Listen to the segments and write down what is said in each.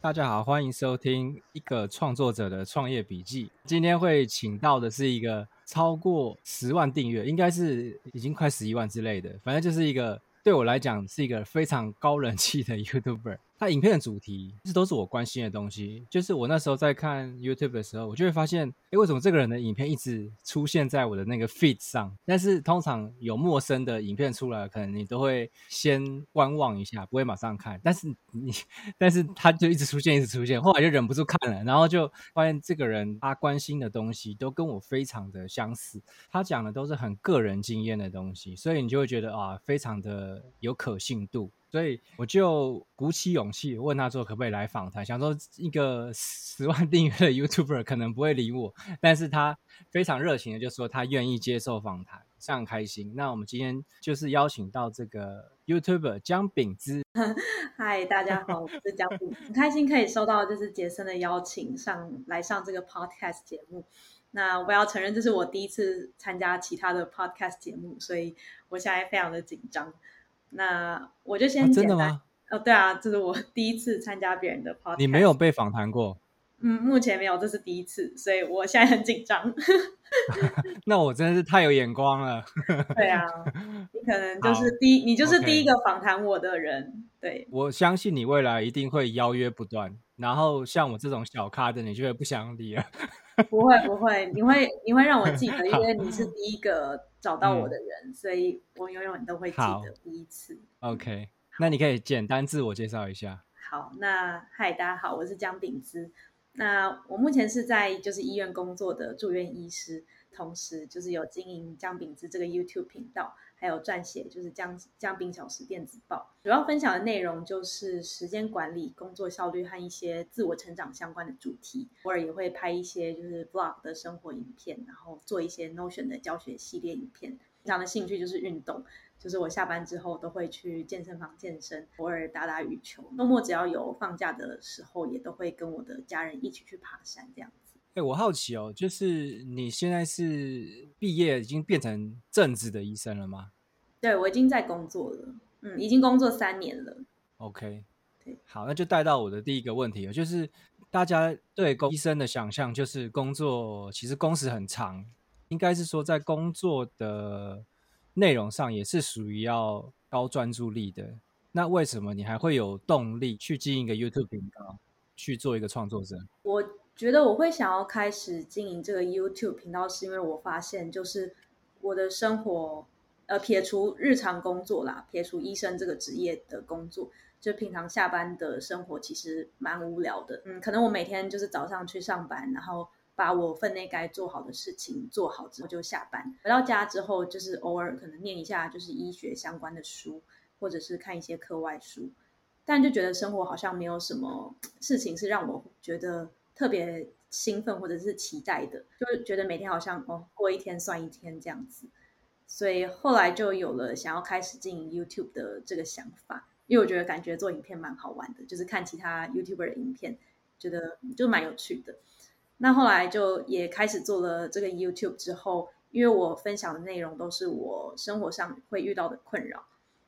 大家好，歡迎收聽一個創作者的創業筆記。今天會請到的是一個超過十萬訂閱，應該是已經快十一萬之類的，反正就是一個對我來講是一個非常高人氣的 YouTuber。他影片的主題，這、就是、都是我關心的東西。就是我那時候在看 YouTube 的時候，我就會發現，誒，為什麼這個人的影片一直出現在我的那個 Feed 上？但是通常有陌生的影片出來，可能你都會先觀望一下，不會馬上看。但是你，但是他就一直出現，一直出現，後來就忍不住看了，然後就發現這個人他關心的東西都跟我非常的相似，他講的都是很個人經驗的東西，所以你就會覺得啊，非常的有可信度。所以我就鼓起勇氣問他說，可不可以來訪談，想說一個十萬訂閱的 YouTuber 可能不會理我，但是他非常熱情的就是說他願意接受訪談，非常開心。那我們今天就是邀請到這個 YouTuber 薑餅資。嗨， 大家好，我是薑餅，很開心可以收到就是杰森的邀請上來上這個 Podcast 節目。那我要承認這是我第一次參加其他的 Podcast 節目，所以我現在非常的緊張。那我就先、啊、真的嗎？哦，對啊，這是我第一次參加別人的 party。你沒有被訪談過？嗯，目前沒有，這是第一次，所以我現在很緊張。 那我真的是太有眼光了。 對啊，你可能就是第一，你就是第一個訪談我的人，okay。對，我相信你未來一定會邀約不斷，然後像我這種小咖的，你就會不想理了。 不會不會，你會你會讓我記得，因為你是第一個找到我的人，所以我永遠都會記得第一次。OK，那你可以簡單自我介紹一下。好，那嗨大家好，我是薑餅資。那我目前是在就是醫院工作的住院醫師，同時就是有經營薑餅資這個 YouTube 頻道。還有撰寫就是薑、薑餅資小時電子報，主要分享的內容就是時間管理、工作效率和一些自我成長相關的主題。偶爾也會拍一些就是 vlog 的生活影片，然後做一些 Notion 的教學系列影片。平常的興趣就是運動，就是我下班之後都會去健身房健身，偶爾打打羽球。週末只要有放假的時候，也都會跟我的家人一起去爬山這樣子。欸，我好奇哦，就是你現在是畢業已經變成正職的醫生了嗎？對，我已經在工作了，嗯，已經工作三年了。OK，okay. 好，那就帶到我的第一個問題，就是大家對工醫生的想象，就是工作其實工時很長，應該是說在工作的內容上也是屬於要高專注力的。那為什麼你還會有動力去經營一個 YouTube 頻道，去做一個創作者？我覺得我會想要開始經營這個 YouTube 頻道，是因為我發現，就是我的生活，呃，撇除日常工作啦，撇除醫生這個職業的工作，就平常下班的生活其實蠻無聊的。嗯，可能我每天就是早上去上班，然後把我分內該做好的事情做好之後就下班，回到家之後就是偶爾可能念一下就是醫學相關的書，或者是看一些課外書，但就覺得生活好像沒有什麼事情是讓我覺得。特別興奮或者是期待的，就是覺得每天好像哦過一天算一天這樣子，所以後來就有了想要開始進 YouTube 的這個想法，因為我覺得感覺做影片蠻好玩的，就是看其他 YouTuber 的影片，覺得就蠻有趣的。那後來就也開始做了這個 YouTube 之後，因為我分享的內容都是我生活上會遇到的困擾，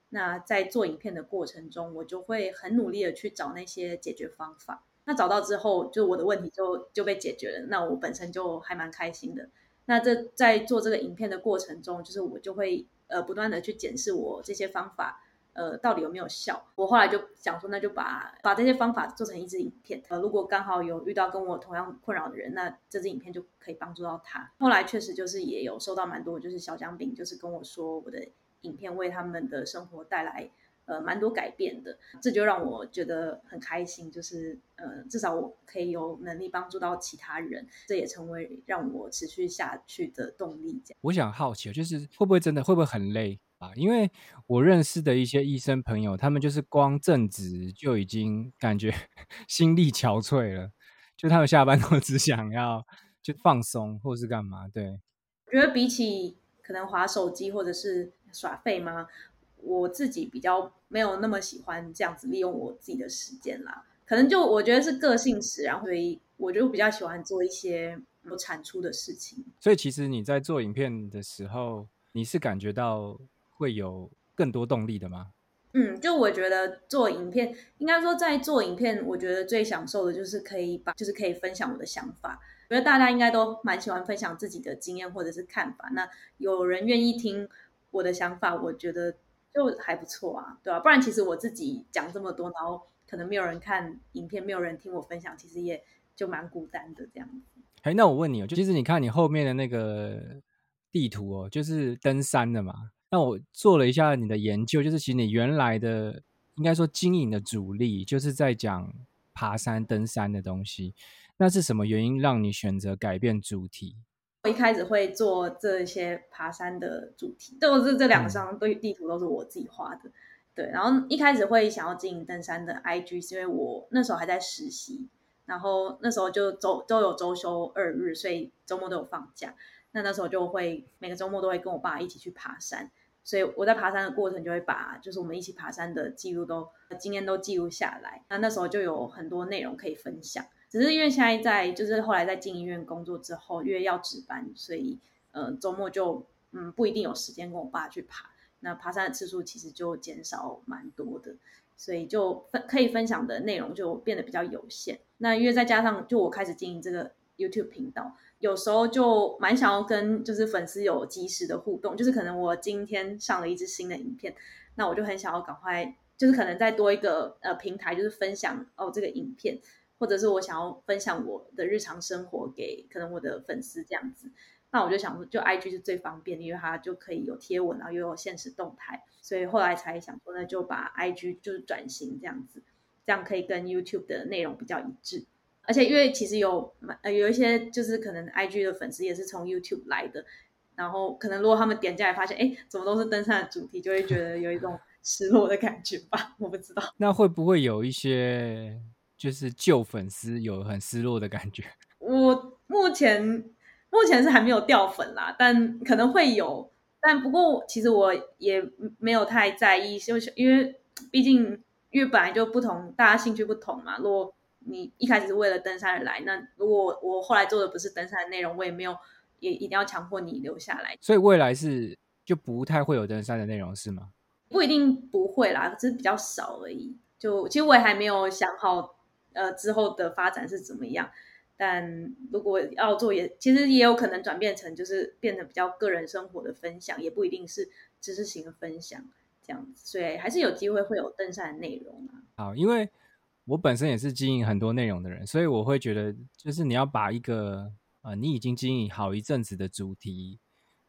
那在做影片的過程中，我就會很努力的去找那些解決方法。那找到之後，就我的問題就就被解決了，那我本身就還蠻開心的。那這在做這個影片的過程中，就是我就會呃不斷的去檢視我這些方法呃到底有沒有效。我後來就想說，那就把把這些方法做成一支影片，呃，如果剛好有遇到跟我同樣困擾的人，那這支影片就可以幫助到他。後來確實就是也有收到蠻多，就是小薑餅就是跟我說，我的影片為他們的生活帶來。呃，蠻多改變的，這就讓我覺得很開心。就是呃，至少我可以有能力幫助到其他人，這也成為讓我持續下去的動力這樣。我想好奇，就是會不會真的，會不會很累啊？因為我認識的一些醫生朋友，他們就是光正職，就已經感覺心力憔悴了，就他們下班都只想要就放鬆或是幹嘛。對，覺得比起可能滑手機或者是耍廢嗎？我自己比較沒有那麼喜歡這樣子利用我自己的時間啦，可能就我覺得是個性使然啊，所以我就比較喜歡做一些有產出的事情。所以其實你在做影片的時候，你是感覺到會有更多動力的嗎？嗯，就我覺得做影片，應該說在做影片，我覺得最享受的就是可以把，就是可以分享我的想法。我覺得大家應該都蠻喜歡分享自己的經驗或者是看法。那有人願意聽我的想法，我覺得。就還不錯啊，對啊。不然其實我自己講這麼多，然後可能沒有人看影片，沒有人聽我分享，其實也就蠻孤單的這樣子。哎，那我問你哦，就其實你看你後面的那個地圖哦，就是登山的嘛。那我做了一下你的研究，就是其實你原來的應該說經營的主力就是在講爬山、登山的東西。那是什麼原因讓你選擇改變主題？我一開始會做這些爬山的主題，都是這兩張，對，地圖都是我自己畫的、嗯，對。然後一開始會想要經營登山的 IG，是因為我那時候還在實習，然後那時候就周都有周休二日，所以周末都有放假。那那時候就會每個周末都會跟我爸一起去爬山，所以我在爬山的過程就會把就是我們一起爬山的記錄都經驗都記錄下來。那那時候就有很多內容可以分享。只是因為現在在，就是後來在進醫院工作之後，因為要值班，所以、呃、嗯，周末就嗯不一定有時間跟我爸去爬。那爬山的次數其實就減少蠻多的，所以就分可以分享的內容就變得比較有限。那因為再加上，就我開始經營這個 YouTube 頻道，有時候就蠻想要跟就是粉絲有即時的互動，就是可能我今天上了一支新的影片，那我就很想要趕快，就是可能再多一個呃平台，就是分享哦這個影片。或者是我想要分享我的日常生活給可能我的粉絲這樣子，那我就想說，就 IG 是最方便，因為它就可以有貼文，然後又有限時動態，所以後來才想說呢，那就把 IG 就是轉型這樣子，這樣可以跟 YouTube 的內容比較一致，而且因為其實有呃有一些就是可能 IG 的粉絲也是從 YouTube 來的，然後可能如果他們點進來發現，哎，怎麼都是登山的主題，就會覺得有一種失落的感覺吧， 我不知道。那會不會有一些？就是舊粉絲有很失落的感覺。我目前目前是還沒有掉粉啦，但可能會有。但不過其實我也沒有太在意，就因為因為畢竟因為本來就不同，大家興趣不同嘛。如果你一開始是為了登山而來，那如果我後來做的不是登山的內容，我也沒有也一定要強迫你留下來。所以未來是就不太會有登山的內容，是嗎？不一定不會啦，只是比較少而已。就其實我也還沒有想好。呃，之後的發展是怎麼樣？但如果要做也，也其實也有可能轉變成，就是變得比較個人生活的分享，也不一定是知識型的分享這樣子。所以還是有機會會有登山的內容啊。好，因為我本身也是經營很多內容的人，所以我會覺得，就是你要把一個、呃、你已經經營好一陣子的主題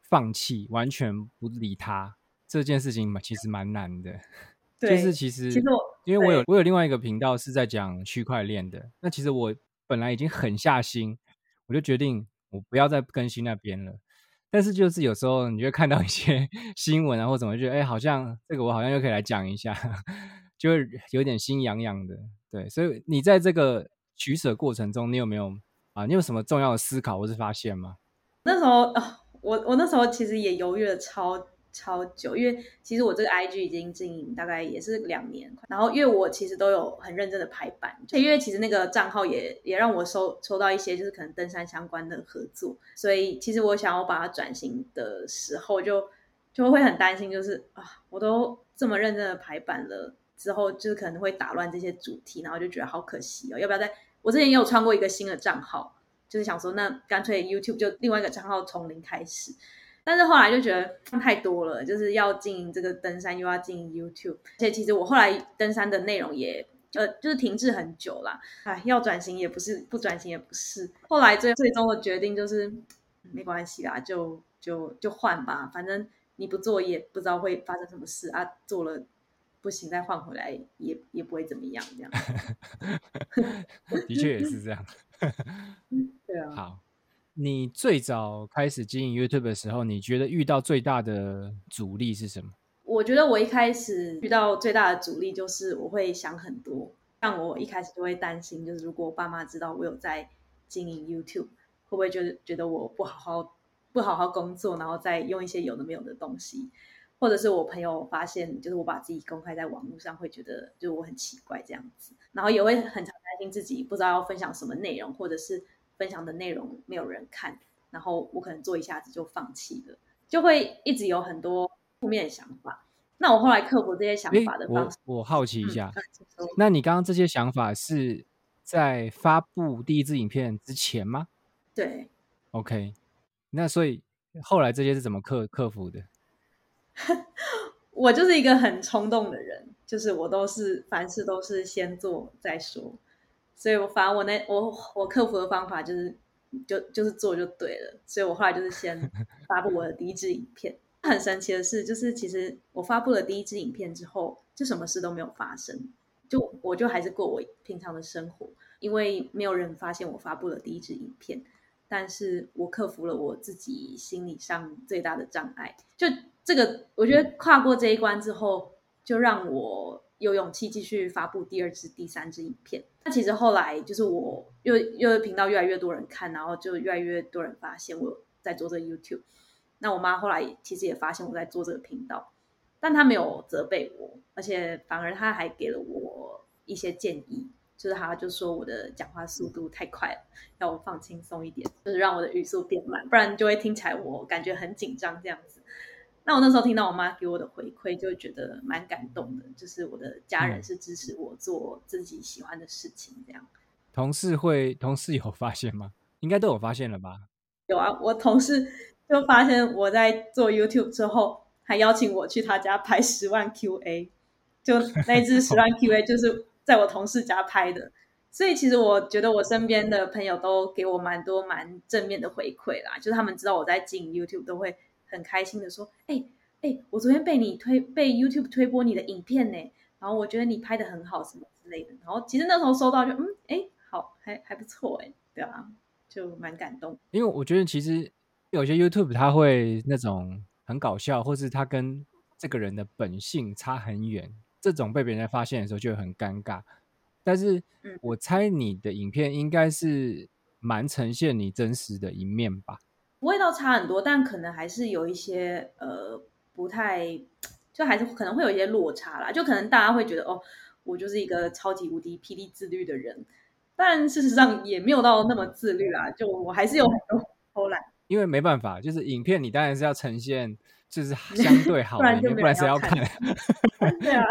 放棄，完全不理它這件事情其，其實蠻難的。對，就是其實其實我。因為我有我有另外一個頻道是在講區塊鏈的，那其實我本來已經狠下心，我就決定我不要再更新那邊了。但是就是有時候你就會看到一些新聞啊或怎麼，覺得哎好像這個我好像又可以來講一下， 就有點心癢癢的。對，所以你在這個取捨過程中，你有沒有啊？你有什麼重要的思考或是發現嗎？那時候，啊，我我那時候其實也猶豫了超。超久，因為其實我這個 IG 已經經營大概也是兩年，然後因為我其實都有很認真的排版，因為其實那個賬號也也讓我收收到一些就是可能登山相關的合作，所以其實我想要把它轉型的時候就就會很擔心，就是啊我都這麼認真的排版了之後，就是可能會打亂這些主題，然後就覺得好可惜哦，要不要在我之前也有創過一個新的賬號，就是想說那乾脆 YouTube 就另外一個賬號從零開始。但是後來就覺得放太多了，就是要進這個登山，又要進 YouTube，其實我後來登山的內容也呃就是停滯很久啦，哎，要轉型也不是，不轉型也不是，後來最最終的決定就是沒關係啦，就就就換吧，反正你不做也不知道會發生什麼事啊，做了不行再換回來也也，也不會怎麼樣，這樣。 的確也是這樣。 對啊。好。你最早開始經營 YouTube 的時候，你覺得遇到最大的阻力是什麼？我覺得我一開始遇到最大的阻力就是我會想很多，像我一開始就會擔心，就是如果我爸媽知道我有在經營 YouTube，會不會就覺得我不好好不好好工作，然後再用一些有的沒有的東西，或者是我朋友發現，就是我把自己公開在網絡上，會覺得就我很奇怪這樣子，然後也會很常擔心自己不知道要分享什麼內容，或者是。分享的內容沒有人看，然後我可能做一下子就放棄了，就會一直有很多負面的想法。那我後來克服這些想法的方式，我，我好奇一下、嗯。那你剛剛這些想法是在發布第一支影片之前嗎？對。OK，那所以後來這些是怎麼克克服的？ 我就是一個很衝動的人，就是我都是凡事都是先做再說。所以，我反正我那我我克服的方法就是，就就是做就對了。所以我後來就是先發布我的第一支影片。很神奇的是，就是其實我發布了第一支影片之後，就什麼事都沒有發生，就我就還是過我平常的生活，因為沒有人發現我發布了第一支影片。但是我克服了我自己心理上最大的障礙。就這個，我覺得跨過這一關之後，就讓我。有勇氣繼續發布第二支、第三支影片。那其實後來就是我又又頻道越來越多人看，然後就越來越多人發現我在做這個 YouTube。那我媽後來其實也發現我在做這個頻道，但她沒有責備我，而且反而她還給了我一些建議，就是她就說我的講話速度太快了，要我放輕鬆一點，就是讓我的語速變慢，不然就會聽起來我感覺很緊張這樣子。那我那時候聽到我媽給我的回饋，就覺得蠻感動的。就是我的家人是支持我做自己喜歡的事情，這樣。同事會，同事有發現嗎？應該都有發現了吧？有啊，我同事就發現我在做 YouTube 之後，還邀請我去他家拍十萬 QA，就那一支十萬 QA 就是在我同事家拍的。 所以其實我覺得我身邊的朋友都給我蠻多蠻正面的回饋啦，就是他們知道我在經營 YouTube 都會。很開心的說，哎、欸、哎、欸，我昨天被你推被 YouTube 推播你的影片呢，然後我覺得你拍的很好，什麼之類的。然後其實那時候收到就嗯，哎、欸，好，還還不錯，哎，對啊，就蠻感動。因為我覺得其實有些 YouTube 他會那種很搞笑，或是他跟這個人的本性差很遠，這種被別人發現的時候就很尷尬。但是我猜你的影片應該是蠻呈現你真實的一面吧。味道差很多，但可能還是有一些呃不太，就還是可能會有一些落差啦。就可能大家會覺得哦，我就是一個超級無敵霹靂自律的人，但事實上也沒有到那麼自律啦，啊。就我還是有很多偷懶，因為沒辦法，就是影片你當然是要呈現，就是相對好的 不然，不然誰要看？ 對啊，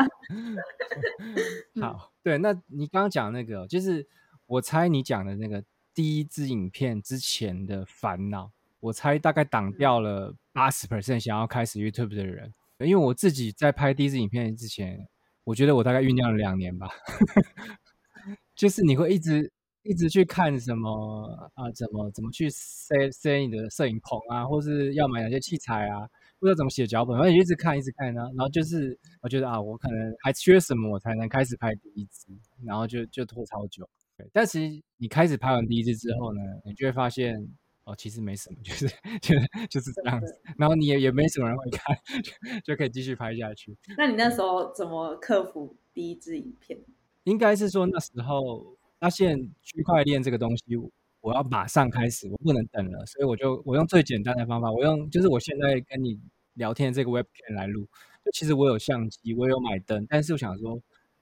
好，對，那你剛剛講那個，就是我猜你講的那個第一支影片之前的煩惱。我猜大概擋掉了八十 percent 想要開始 YouTube 的人，因為我自己在拍第一支影片之前，我覺得我大概醞釀了兩年吧。 就是你會一直一直去看什麼啊，怎麼怎麼去塞塞你的攝影棚啊，或是要買哪些器材啊，不知道怎麼寫腳本，然後你一直看一直看呢、啊。然後就是我覺得啊，我可能還缺什麼，我才能開始拍第一支，然後就就拖超久對。但其實你開始拍完第一支之後呢，嗯、你就會發現。哦，其實沒什麼，就是就就是這樣子。對對。然後你也也沒什麼人會看就，就可以繼續拍下去。那你那時候怎麼克服第一支影片？嗯、應該是說那時候發、啊、發現區塊鏈這個東西，我要馬上開始，我不能等了，所以我就我用最簡單的方法，我用就是我現在跟你聊天的這個 Webcam 來錄。其實我有相機，我也有買燈，但是我想說，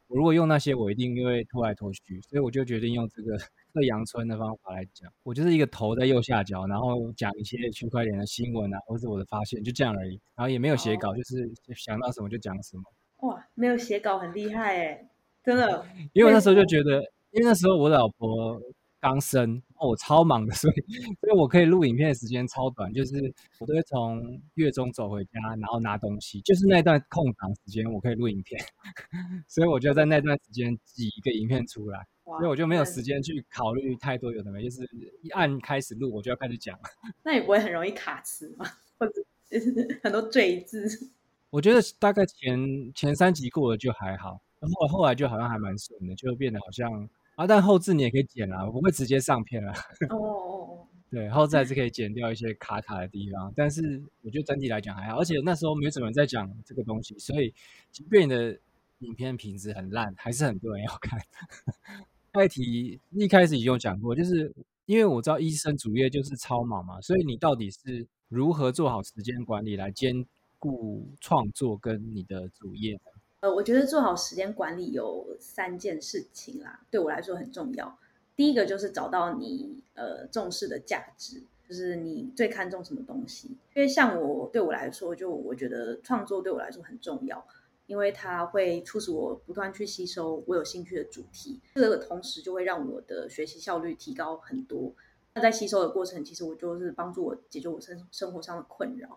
我如果用那些，我一定因為拖來拖去，所以我就決定用這個。射陽春的方法來講，我就是一個頭在右下角，然後講一些區塊鏈的新聞啊，或是我的發現，就這樣而已。然後也沒有寫稿，哦，就是想到什麼就講什麼。哇，沒有寫稿很厲害哎，真的。因為我那時候就覺得，嗯、因為那時候我老婆剛生。我、哦、超忙的，所以，所以我可以錄影片的時間超短，就是我都會從月中走回家，然後拿東西，就是那段空檔時間我可以錄影片，所以我就在那段時間擠一個影片出來，所以我就沒有時間去考慮太多有的沒有，就是一按開始錄，我就要開始講，那也不會很容易卡詞嘛，或者就是很多贅字。我覺得大概前前三集過了就還好，然後後來就好像還蠻順的，就變得好像。啊！但後製你也可以剪啦，啊，不會直接上片了，啊。哦哦哦，對，後製還是可以剪掉一些卡卡的地方，嗯。但是我覺得整體來講還好，而且那時候沒有怎麼在講這個東西，所以即便你的影片品質很爛，還是很多人要看。話 題一開始已經有講過，就是因為我知道醫生主業就是超忙嘛，所以你到底是如何做好時間管理來兼顧創作跟你的主業？呃，我覺得做好時間管理有三件事情啦，對我來說很重要。第一個就是找到你呃重視的價值，就是你最看重什麼東西。因為像我對我來說，就我覺得創作對我來說很重要，因為它會促使我不斷去吸收我有興趣的主題。這個同時就會讓我的學習效率提高很多。那在吸收的過程，其實我就是幫助我解決我生生活上的困擾。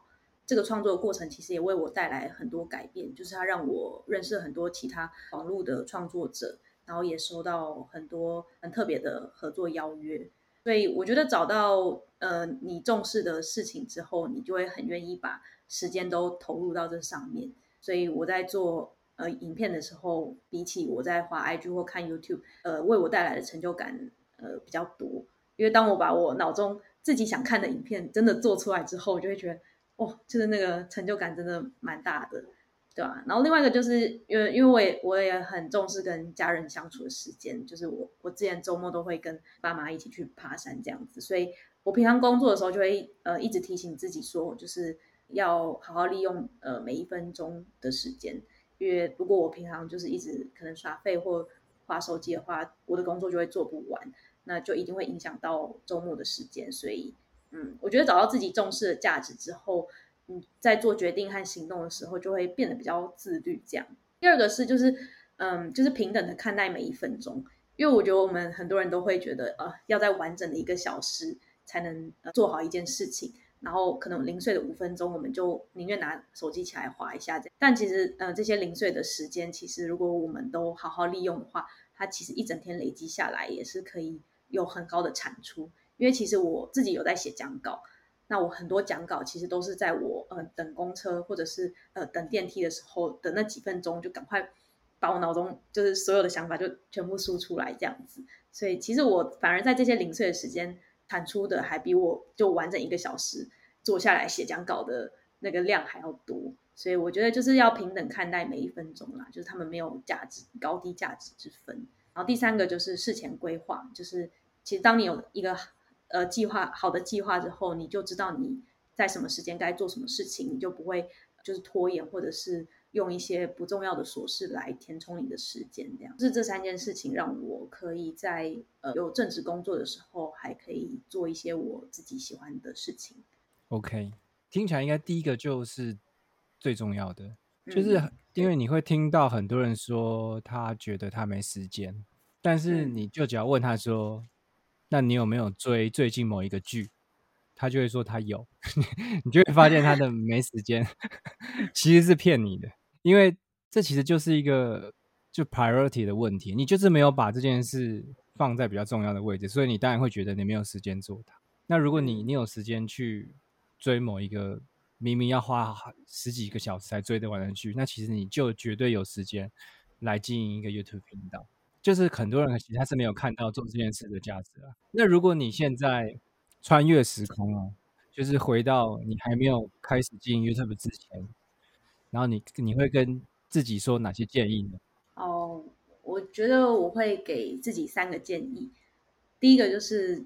這個創作的過程其實也為我帶來很多改變，就是它讓我認識很多其他網絡的創作者，然後也收到很多很特別的合作邀約。所以我覺得找到呃你重視的事情之後，你就會很願意把時間都投入到這上面。所以我在做呃影片的時候，比起我在滑 IG 或看 YouTube，呃為我帶來的成就感呃比較多，因為當我把我腦中自己想看的影片真的做出來之後，我就會覺得。哦，就是那個成就感真的蠻大的，對吧、啊？然後另外一個就是因為，因為我也我也很重視跟家人相處的時間，就是我我之前周末都會跟爸媽一起去爬山這樣子，所以我平常工作的時候就會呃一直提醒自己說，就是要好好利用呃每一分鐘的時間，因為如果我平常就是一直可能耍廢或滑手機的話，我的工作就會做不完，那就一定會影響到周末的時間，所以。嗯，我覺得找到自己重視的價值之後，你在做決定和行動的時候就會變得比較自律。這樣，第二個是就是嗯，就是平等的看待每一分鐘，因為我覺得我們很多人都會覺得呃，要在完整的一個小時才能、呃、做好一件事情，然後可能零碎的五分鐘，我們就寧願拿手機起來滑一下這樣。但其實，呃，這些零碎的時間，其實如果我們都好好利用的話，它其實一整天累積下來也是可以有很高的產出。因為其實我自己有在寫講稿，那我很多講稿其實都是在我呃等公車或者是呃等電梯的時候的那幾分鐘，就趕快把我腦中就是所有的想法就全部輸出來這樣子。所以其實我反而在這些零碎的時間產出的還比我就完整一個小時坐下來寫講稿的那個量還要多。所以我覺得就是要平等看待每一分鐘啦，就是他們沒有價值，高低價值之分。然後第三個就是事前規劃，就是其實當你有一個呃，計劃好的計劃之後，你就知道你在什麼時間該做什麼事情，你就不會、呃、就是拖延，或者是用一些不重要的瑣事來填充你的時間。這樣，就是這三件事情讓我可以在呃有正式工作的時候，還可以做一些我自己喜歡的事情。OK，聽起來應該第一個就是最重要的，嗯、就是因為你會聽到很多人說他覺得他沒時間，但是你就只要問他說，但你有沒有追最近某一個劇？他就會說他有， 你就會發現他的沒時間， 其實是騙你的。因為這其實就是一個就 priority 的問題，你就是沒有把這件事放在比較重要的位置，所以你當然會覺得你沒有時間做它。那如果你你有時間去追某一個明明要花十幾個小時才追得完的劇，那其實你就絕對有時間來經營一個 YouTube 頻道。就是很多人其實他是沒有看到做這件事的價值啊。那如果你現在穿越時空啊，就是回到你還沒有開始經營 YouTube 之前，然後你你會跟自己說哪些建議呢？哦、oh，我覺得我會給自己三個建議。第一個就是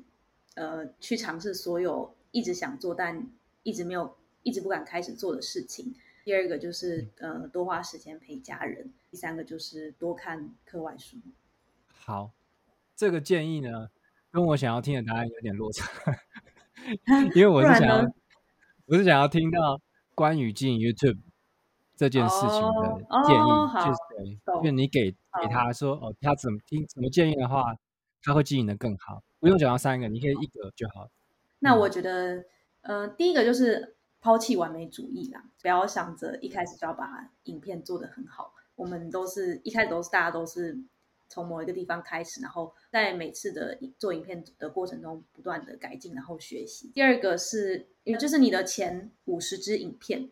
呃，去嘗試所有一直想做但一直沒有、一直不敢開始做的事情。第二個就是呃，多花時間陪家人。第三個就是多看課外書。好，這個建議呢，跟我想要聽的答案有點落差， 因為我是想要，我是想要聽到關於經營 YouTube 這件事情的建議，oh, oh, 就是, oh, oh, 就是、so.，你給給他說，oh. 哦，他怎麼聽怎麼建議的話，他會經營得更好。不用講到三個，你可以一個就好，好、嗯。那我覺得，嗯、呃，第一個就是拋棄完美主義啦，不要想着一開始就要把影片做得很好。我們都是一開始都是、oh. 大家都是。從某一個地方開始，然後在每次的做影片的過程中不斷的改進，然後學習。第二個是，也就是你的前五十支影片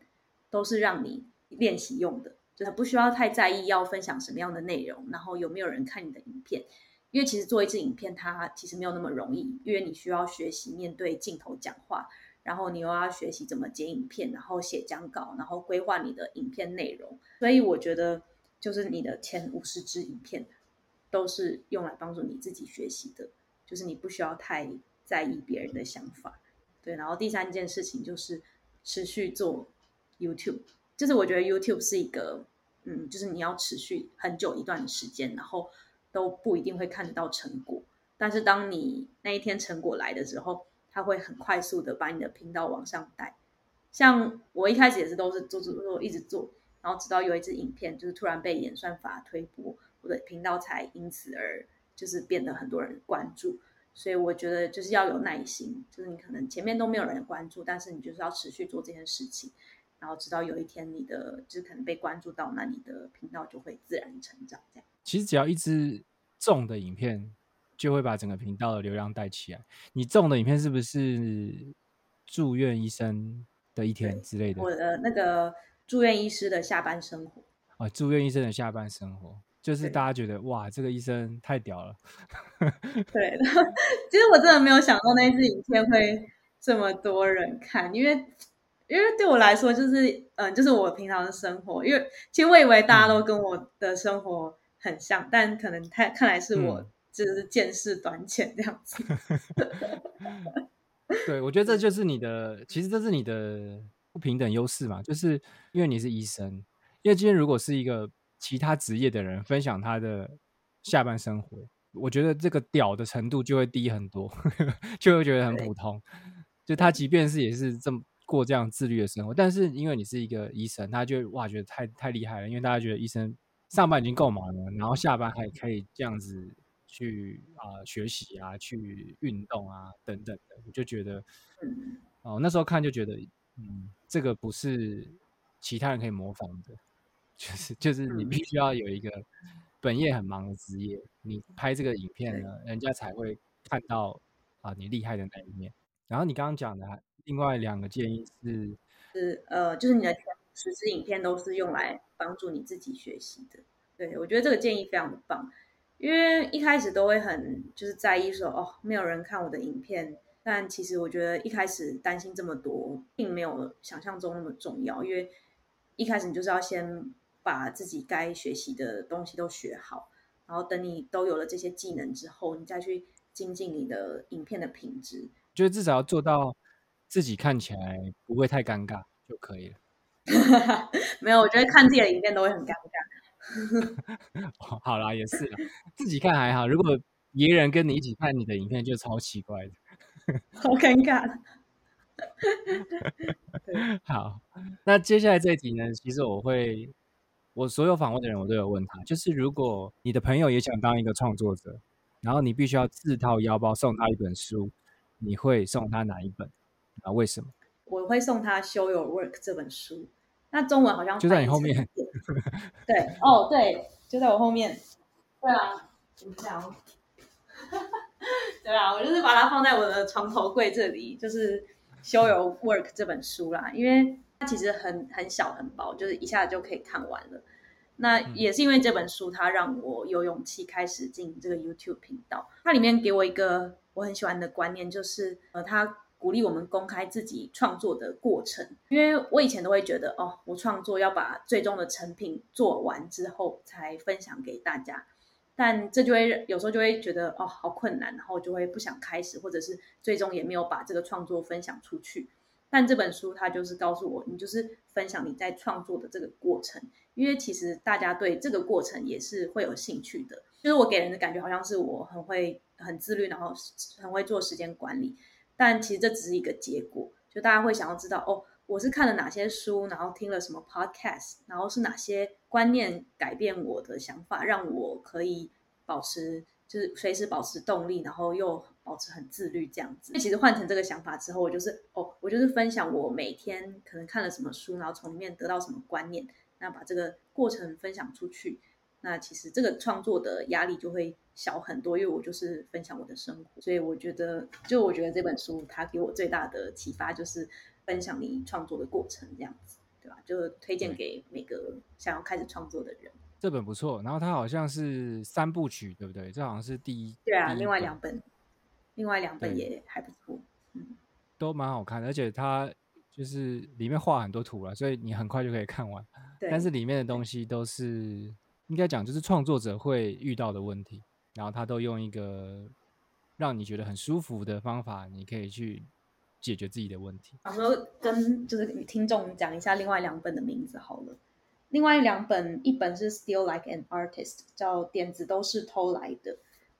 都是讓你練習用的，就是不需要太在意要分享什麼樣的內容，然後有沒有人看你的影片。因為其實做一支影片它其實沒有那麼容易，因為你需要學習面對鏡頭講話，然後你又要學習怎麼剪影片，然後寫講稿，然後規劃你的影片內容。所以我覺得就是你的前五十支影片。都是用來幫助你自己學習的，就是你不需要太在意別人的想法，對。然後第三件事情就是持續做 YouTube，就是我覺得 YouTube 是一個，嗯，就是你要持續很久一段的時間，然後都不一定會看到成果。但是當你那一天成果來的時候，它會很快速的把你的頻道往上帶。像我一開始也是都是做做做一直做，然後直到有一支影片就是突然被演算法推播。我的頻道才因此而就是變得很多人關注，所以我覺得就是要有耐心，就是你可能前面都沒有人關注，但是你就是要持續做這件事情，然後直到有一天你的就是可能被關注到，那你的頻道就會自然成長。這樣，其實只要一支中的影片就會把整個頻道的流量帶起來。你中的影片是不是住院醫生的一天之類的？我的那個住院醫師的下班生活。啊、哦，住院醫生的下班生活。就是大家覺得哇，這個醫生太屌了。 對，其實我真的沒有想到那支影片會這麼多人看，因為因為對我來說就是嗯、呃，就是我平常的生活。因為其實我以為大家都跟我的生活很像，嗯、但可能太看來是我就是見識短淺這樣子。嗯、 對，我覺得這就是你的，其實這是你的不平等優勢嘛，就是因為你是醫生，因為今天如果是一個。其他職業的人分享他的下班生活，我覺得這個屌的程度就會低很多， 就會覺得很普通。就他即便是也是這麼過這樣自律的生活，但是因為你是一個醫生，他就哇覺得太太厲害了，因為大家覺得醫生上班已經夠忙了，然後下班還可以這樣子去、呃、學啊學習啊、去運動啊等等的，我就覺得，哦，那時候看就覺得，嗯，這個不是其他人可以模仿的。就 是就是你必須要有一個本業很忙的職業，你拍這個影片呢，人家才會看到啊你厲害的那一面。然後你剛剛講的另外兩個建議是是呃，就是你的十支影片都是用來幫助你自己學習的。對，我覺得這個建議非常的棒，因為一開始都會很就是在意說哦，沒有人看我的影片，但其實我覺得一開始擔心這麼多並沒有想象中那麼重要，因為一開始你就是要先。把自己該學習的東西都學好，然後等你都有了這些技能之後，你再去精進你的影片的品質。就至少要做到自己看起來不會太尷尬就可以了。 沒有，我覺得看自己的影片都會很尷尬。 好啦，也是自己看還好，如果一個人跟你一起看你的影片，就超奇怪的， 好尷尬 。好，那接下來這一題呢？其實我會。我所有訪問的人，我都有問他，就是如果你的朋友也想當一個創作者，然後你必須要自掏腰包送他一本書，你會送他哪一本啊？為什麼？我會送他《Show Your Work》這本書，那中文好像就在你後面。對，哦 ，oh, 對，就在我後面。 對啊，怎麼講？對啊，我就是把它放在我的床頭櫃這裡，就是《Show Your Work》這本書啦，因為，它其實很很小很薄，就是一下子就可以看完了。那也是因為這本書，它讓我有勇氣開始進這個 YouTube 頻道。它裡面給我一個我很喜歡的觀念，就是呃，它鼓勵我們公開自己創作的過程。因為我以前都會覺得，哦，我創作要把最終的成品做完之後才分享給大家，但這就會有時候就會覺得哦，好困難，然後就會不想開始，或者是最終也沒有把這個創作分享出去。但這本書它就是告訴我，你就是分享你在創作的這個過程，因為其實大家對這個過程也是會有興趣的。就是我給人的感覺好像是我很會很自律，然後很會做時間管理，但其實這只是一個結果。就大家會想要知道，哦，我是看了哪些書，然後聽了什麼 podcast，然後是哪些觀念改變我的想法，讓我可以保持，就是隨時保持動力，然後又。保持很自律這樣子。那其實換成這個想法之後，我就是哦，我就是分享我每天可能看了什麼書，然後從裡面得到什麼觀念，那把這個過程分享出去。那其實這個創作的壓力就會小很多，因為我就是分享我的生活。所以我覺得，就我覺得這本書它給我最大的啟發就是分享你創作的過程這樣子，對吧？就推薦給每個想要開始創作的人。這本不錯，然後它好像是三部曲，對不對？這好像是第一，第一本。對啊，另外兩本。另外兩本也還不錯，嗯，都蠻好看的，而且它就是裡面畫很多圖了，所以你很快就可以看完。對，但是裡面的東西都是應該講，就是創作者會遇到的問題，然後他都用一個讓你覺得很舒服的方法，你可以去解決自己的問題。然後跟就是聽眾講一下另外兩本的名字好了。另外兩本，一本是《Steal Like an Artist》，叫《點子都是偷來的》，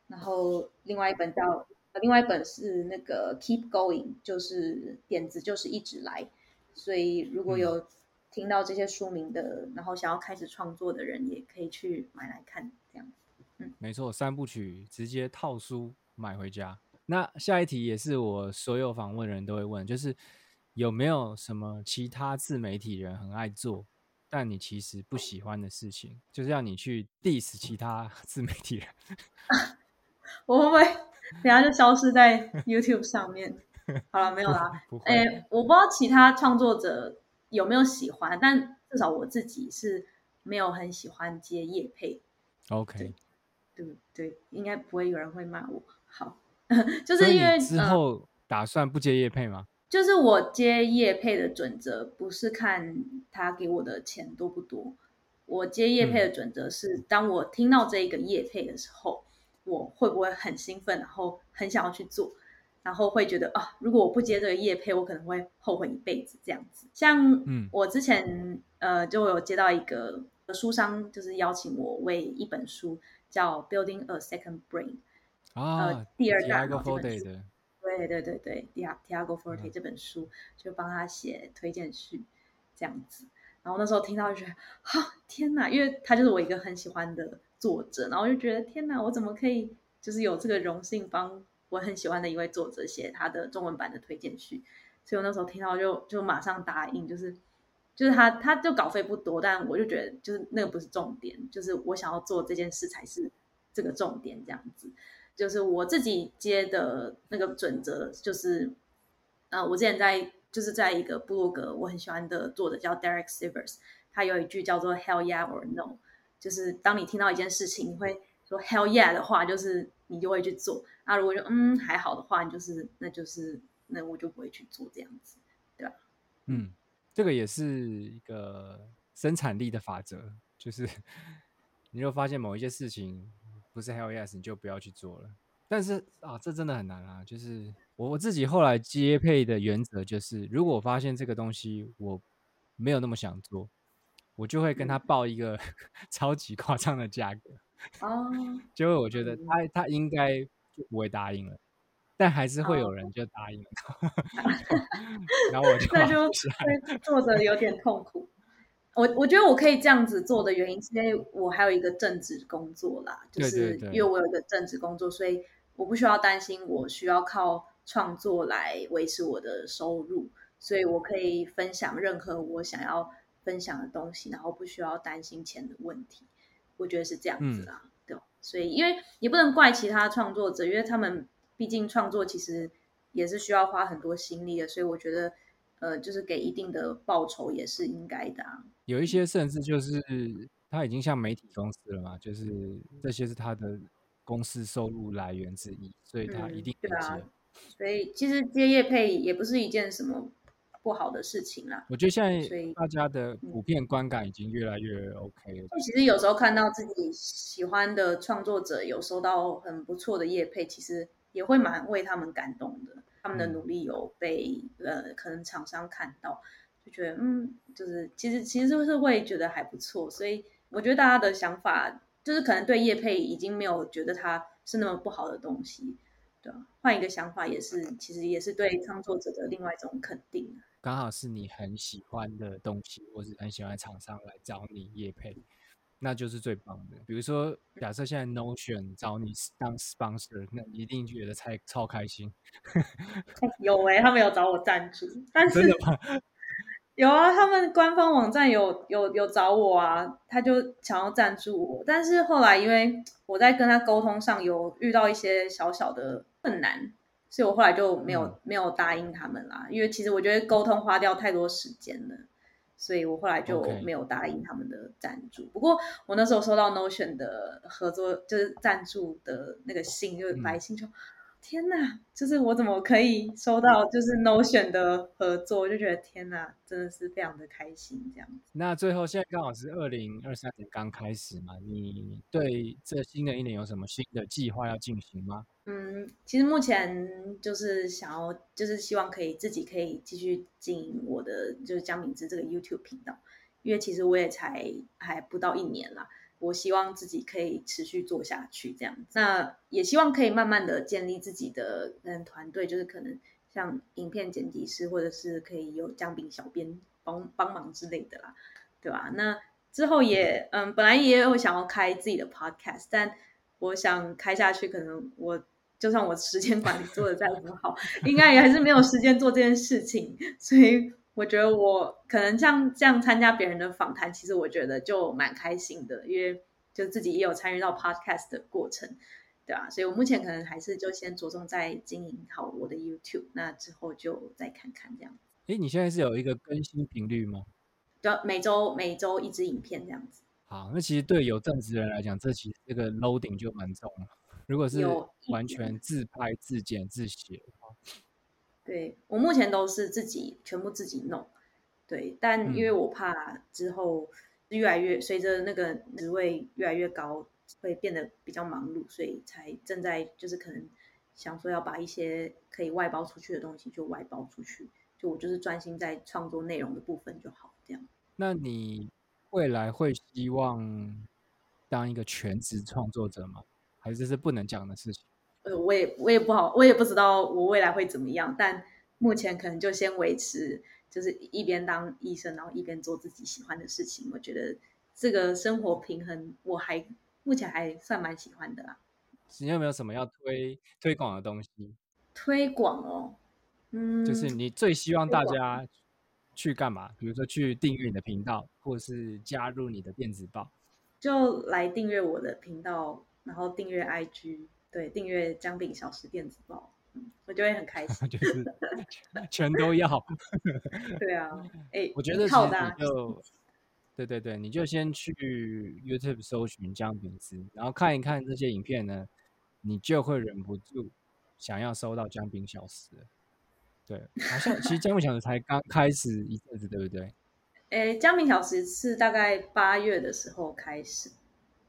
然後另外一本叫。另外一本是那個《Keep Going》，就是點子就是一直來，所以如果有聽到這些書名的，嗯、然後想要開始創作的人，也可以去買來看這樣子。嗯，沒錯，三部曲直接套書買回家。那下一題也是我所有訪問人都會問，就是有沒有什麼其他自媒體人很愛做，但你其實不喜歡的事情，嗯、就是要你去 diss 其他自媒體人。 我不會。等下就消失在 YouTube 上面。 好了，沒有啦。哎、欸，我不知道其他創作者有沒有喜歡，但至少我自己是沒有很喜歡接業配。OK，對對,對，應該不會有人會罵我。好， 就是因為之後打算不接業配嗎、呃？就是我接業配的準則不是看他給我的錢多不多，我接業配的準則是當我聽到這一個業配的時候。嗯嗯我會不會很興奮，然後很想要去做，然後會覺得啊，如果我不接這個業配，我可能會後悔一輩子這樣子。像我之前、嗯、呃，就有接到一個，一個書商，就是邀請我為一本書叫《Building a Second Brain》啊，第二大腦、啊、的對對對對，Tiago、Tiago Forte 這本書、啊，就幫他寫推薦序這樣子。然後那時候聽到就覺得，好、啊、天哪，因為他就是我一個很喜歡的。作者，然後我就覺得天哪，我怎麼可以就是有這個榮幸幫我很喜歡的一位作者寫他的中文版的推薦序？所以我那時候聽到就就馬上答應、就是，就是就是他他就稿費不多，但我就覺得就是那個不是重點，就是我想要做這件事才是這個重點這樣子。就是我自己接的那個準則就是，呃，我之前在就是在一個部落格，我很喜歡的作者叫 Derek Sivers，他有一句叫做 “Hell Yeah or No”。就是當你聽到一件事情，你會說 hell yeah 的話，就是你就會去做。那如果就嗯還好的話，你就是那就是那我就不會去做這樣子，對吧？嗯，這個也是一個生產力的法則，就是你有發現某一些事情不是 hell yes，你就不要去做了。但是啊，這真的很難啊。就是我我自己後來接配的原則就是，如果發現這個東西我沒有那麼想做。我就會跟他報一個超級誇張的價格，嗯，哦，因為我覺得他他應該就不會答應了，但還是會有人就答應了，了、哦、 然後我就他 那就做坐着有點痛苦。 我我覺得我可以這樣子做的原因是因為我還有一個正職工作啦，就是因為我有一個正職工作，對對對，所以我不需要擔心我需要靠創作來維持我的收入，所以我可以分享任何我想要分享的東西，然後不需要擔心錢的問題，我覺得是這樣子啊、嗯，對。所以，因為也不能怪其他創作者，因為他們畢竟創作其實也是需要花很多心力的，所以我覺得，呃，就是給一定的報酬也是應該的、啊。有一些甚至就是他已經像媒體公司了嘛，就是這些是他的公司收入來源之一，所以他一定接、嗯對啊。所以，其實接業配也不是一件什麼。不好的事情啦，我覺得現在大家的普遍觀感已經越來越 OK 了。嗯、其實有時候看到自己喜歡的創作者有收到很不錯的業配，其實也會蠻為他們感動的。他們的努力有被、嗯、呃可能廠商看到，就覺得嗯，就是其實其實就是會覺得還不錯。所以我覺得大家的想法就是可能對業配已經沒有覺得它是那麼不好的東西。對，換一個想法也是，其實也是對創作者的另外一種肯定。剛好是你很喜歡的東西，或是很喜歡廠商來找你業配，那就是最棒的。比如說，假設現在 Notion 找你當 sponsor，那一定覺得開超開心。 有哎、欸，他們有找我贊助， 但是有啊，他們官方網站有有有找我啊，他就想要贊助我，但是後來因為我在跟他溝通上有遇到一些小小的困難。所以我後來就沒有、嗯、沒有答應他們啦，因為其實我覺得溝通花掉太多時間了，所以我後來就沒有答應他們的贊助。Okay, 不過我那時候收到 Notion 的合作就是贊助的那個信、嗯，就是、白信就。天吶，就是我怎麼可以收到就是 Notion 的合作，我就覺得天吶，真的是非常的開心這樣子。那最後現在剛好是二零二三年剛開始嘛，你對這新的一年有什麼新的計劃要進行嗎？嗯，其實目前就是想要，就是希望可以自己可以繼續經營我的就是薑餅資這個 YouTube 頻道，因為其實我也才還不到一年了。我希望自己可以持續做下去，這樣。那也希望可以慢慢的建立自己的嗯、團隊，就是可能像影片剪輯師，或者是可以有薑餅小編幫幫忙之類的啦，對吧、啊？那之後也嗯，本來也有想要開自己的 podcast，但我想開下去，可能我就算我時間管理做得再怎麼好， 應該也還是沒有時間做這件事情，所以。我覺得我可能像像這樣參加別人的訪談，其實我覺得就蠻開心的，因為就自己也有參與到 podcast 的過程，對啊，所以，我目前可能還是就先着重在經營好我的 YouTube，那之後就再看看這樣子。哎，你現在是有一個更新頻率嗎？對，每周每周一支影片這樣子。好，那其實對有正職人來講，這其實這個 loading 就蠻重了。如果是完全自拍、自剪、自寫。對，我目前都是自己全部自己弄，對，但因為我怕之後越來越、嗯、隨着那個職位越來越高，會變得比較忙碌，所以才正在就是可能想說要把一些可以外包出去的東西就外包出去，就我就是專心在創作內容的部分就好，這樣。那你未來會希望當一個全職創作者嗎？還是是不能講的事情？呃，我也我也不好，我也不知道我未來會怎麼樣，但目前可能就先維持，就是一邊當醫生，然後一邊做自己喜歡的事情。我覺得這個生活平衡，我還目前還算蠻喜歡的啦。你有沒有什麼要推推廣的東西？推廣哦，嗯，就是你最希望大家去幹嘛？比如說去訂閱你的頻道，或者是加入你的電子報。就來訂閱我的頻道，然後訂閱 IG。對，訂閱薑餅小時電子報，我就會很開心。 就是全都要。 對啊，哎、欸，我覺得是的就、啊，對對對，你就先去 YouTube 搜尋薑餅資，然後看一看這些影片呢，你就會忍不住想要收到薑餅小時。對，好像其實薑餅小時才剛開始一陣子， 對不對？哎、欸，薑餅小時是大概八月的時候開始。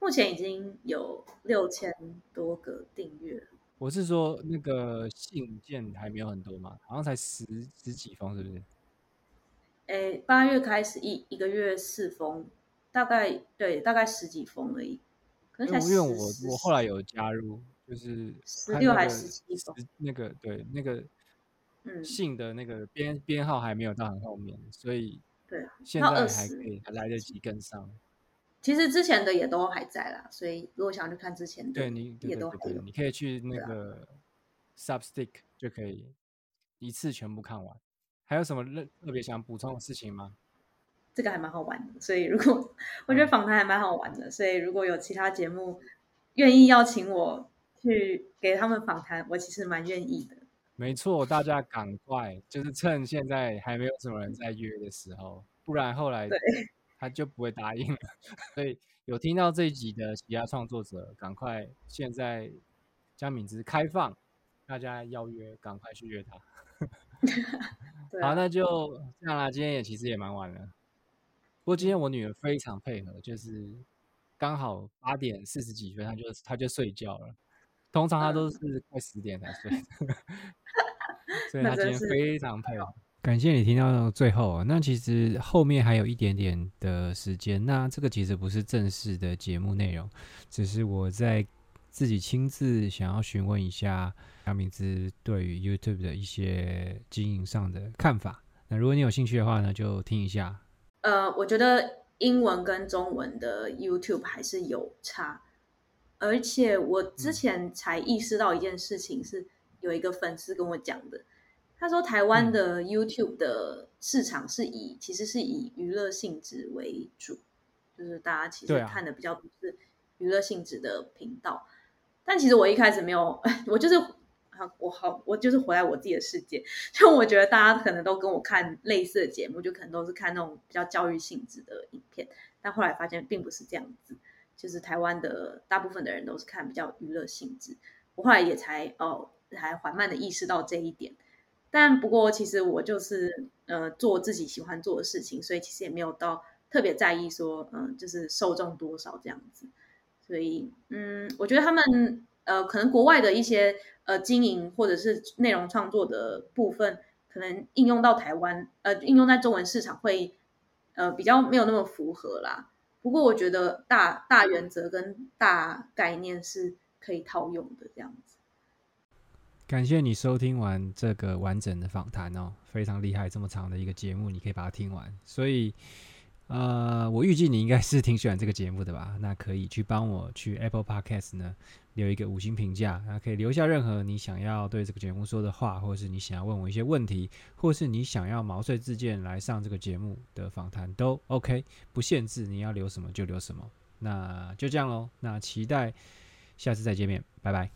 目前已經有六千多個訂閱。我是說，那個信件還沒有很多嘛？好像才十十幾封，是不是？誒、欸，八月開始一一個月四封，大概對，大概十幾封而已。可能因為我我後來有加入，就是十六、那個、還十七封？10，那個對，那個嗯信的那個編、嗯、編號還沒有到很後面，所以對，現在還可以，20，還來得及跟上。其實之前的也都還在啦，所以如果想去看之前的，對，你對對對也都還有，你可以去那個 Substack 就可以一次全部看完、啊。還有什麼特別想補充的事情嗎？這個還蠻好玩的，所以如果我覺得訪談還蠻好玩的、嗯，所以如果有其他節目願意邀請我去給他們訪談，我其實蠻願意的。沒錯，大家趕快，就是趁現在還沒有什麼人在約的時候，不然後來對。他就不會答應了，所以有聽到這一集的其他創作者，趕快現在薑餅資開放，大家邀約，趕快去約他、 啊。好，那就這樣啦。今天也其實也蠻晚了，不過今天我女兒非常配合，就是剛好八點四十幾分，她就她就睡覺了。通常她都是快十點才睡， 所以她今天非常配合。感謝你聽到最後。那其實後面還有一點點的時間。那這個其實不是正式的節目內容，只是我在自己親自想要詢問一下楊明之對於 YouTube 的一些經營上的看法。那如果你有興趣的話呢，就聽一下。呃，我覺得英文跟中文的 YouTube 還是有差。而且我之前才意識到一件事情，是有一個粉絲跟我講的。他說：“台灣的 YouTube 的市場是以、嗯、其實是以娛樂性質為主，就是大家其實看的比較多是娛樂性質的頻道、啊。但其實我一開始沒有，我就是啊，我好，我就是活在我自己的世界，就我覺得大家可能都跟我看類似的節目，就可能都是看那種比較教育性質的影片。但後來發現並不是這樣子，就是台灣的大部分的人都是看比較娛樂性質。我後來也才哦，才、呃、緩慢的意識到這一點。”但不過，其實我就是呃做自己喜歡做的事情，所以其實也沒有到特別在意說嗯、呃、就是受眾多少這樣子，所以嗯我覺得他們呃可能國外的一些呃經營或者是內容創作的部分，可能應用到台灣呃應用在中文市場會呃比較沒有那麼符合啦。不過我覺得大大原則跟大概念是可以套用的這樣子。感謝你收聽完這個完整的訪談哦，非常厲害，這麼長的一個節目，你可以把它聽完。所以，呃，我預計你應該是挺喜歡這個節目的吧？那可以去幫我去 Apple Podcast 呢，留一個五星評價，然後可以留下任何你想要對這個節目說的話，或是你想要問我一些問題，或是你想要毛遂自薦來上這個節目的訪談，都 OK，不限制，你要留什麼就留什麼。那就這樣嘍，那期待下次再見面，拜拜。